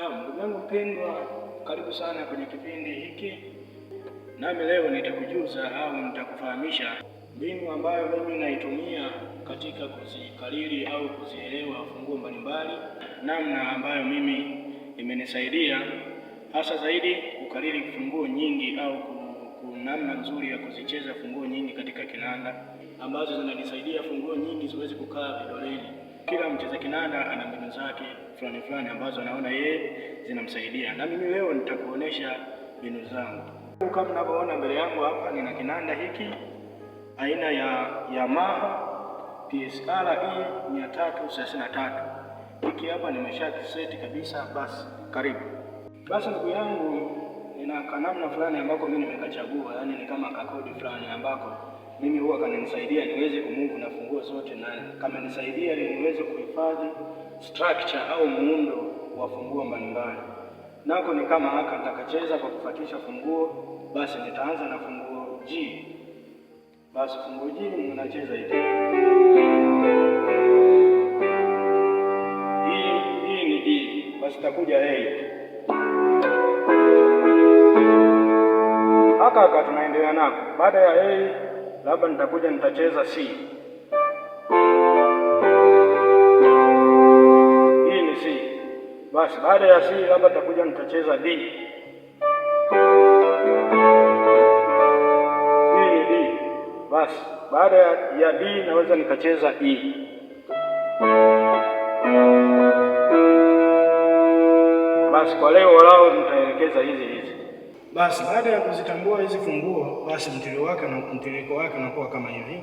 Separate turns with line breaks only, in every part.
Naam, ndugu yangu mpendwa, karibu sana kwenye kipindi hiki, nami leo nitakujuza au nitakufahamisha mbinu ambayo mimi naitumia katika kuzikariri au kuzielewa funguo mbalimbali, namna ambayo mimi imenisaidia hasa zaidi kukariri funguo nyingi au namna nzuri ya kuzicheza funguo nyingi katika kinanda ambazo zinanisaidia funguo nyingi ziweze kukaa vidoleni kila mcheza kinanda ana mbinu zake fulani fulani ambazo anaona yeye zinamsaidia, na mimi leo nitakuonesha mbinu zangu. Kama mnavyoona mbele yangu hapa, nina kinanda hiki aina ya Yamaha PSR E 363 hiki hapa nimesha kiseti kabisa. Basi karibu basi, ndugu yangu, nina kanamna fulani ambako mimi nimekachagua, yani ni kama kakodi fulani ambako mimi huwa kaninisaidia niweze kumungu na funguo zote na kama nisaidia ili niweze kuhifadhi structure au muundo wa funguo mbalimbali. Nako ni kama haka, nitakacheza kwa kufuatisha funguo, basi nitaanza na funguo G. Basi funguo G ninacheza hivi, hii ni d basi takuja A haka haka, tunaendelea nako baada ya A labda nitakuja nitacheza C. Hii ni C. Basi baada ya C labda nitakuja nitacheza D. Hii ni D. Basi baada ya D naweza nikacheza E. Basi kwa leo lao nitaelekeza hizi hizi. Basi baada ya kuzitambua hizi funguo, basi mtiririko wake na mtiririko wake unakuwa kama hivi.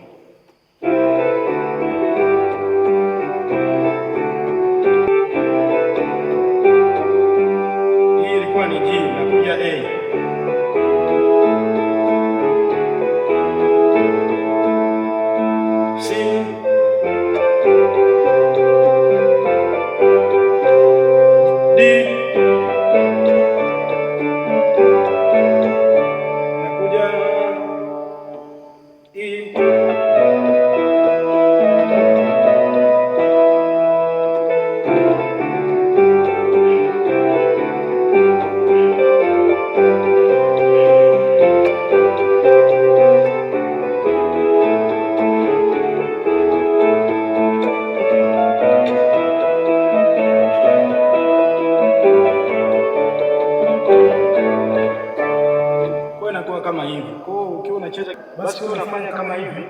unacheza basi, wewe unafanya kama hivi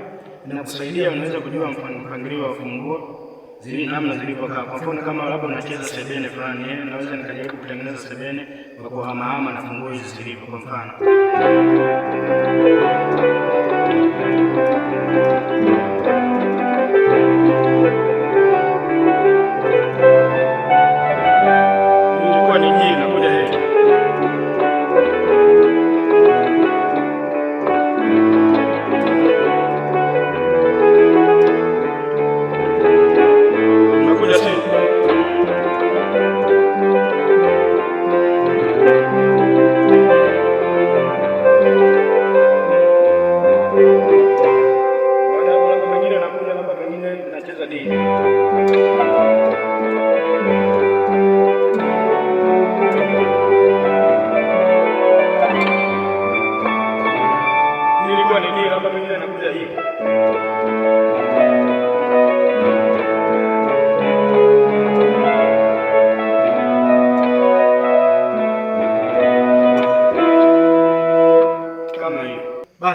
inakusaidia, unaweza kujua mpangilio wa funguo zili namna zilivyokaa. Kwa mfano kama labda unacheza sebene fulani, eh, naweza nikajaribu kutengeneza sebene kwa kuhamahama na funguo hizi zilivyo, kwa mfano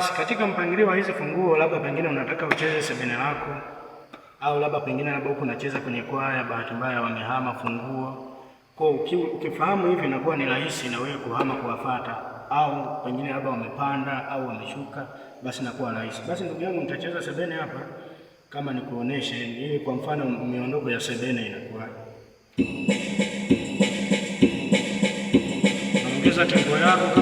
Basi katika mpangilio wa hizi funguo, labda pengine unataka ucheze sebene lako, au labda pengine labda huko unacheza kwenye kwaya, bahati mbaya wamehama funguo. Kwa ukifahamu hivi, inakuwa ni rahisi na wewe kuhama kuwafuata, au pengine labda wamepanda au wameshuka, basi inakuwa rahisi. Basi ndugu yangu, nitacheza sebene hapa kama nikuoneshe, ili kwa mfano miondoko ya sebene inakuwa ongeza tempo yako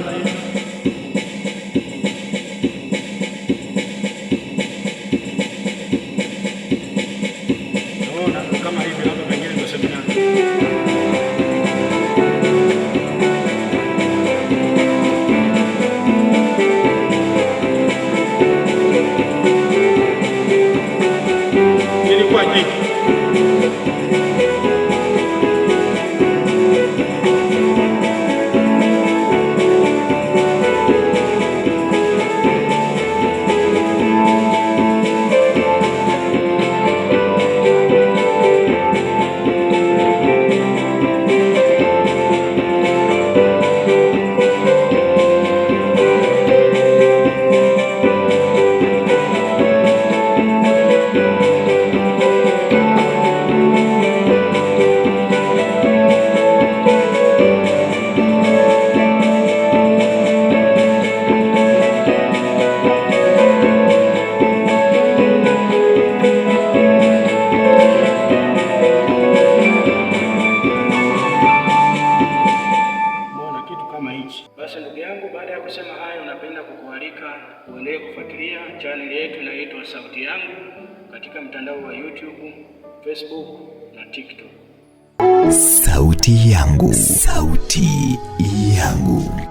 kufuatilia chaneli yetu inaitwa Sauti Yangu katika mtandao wa YouTube, Facebook na TikTok. Sauti Yangu, Sauti Yangu.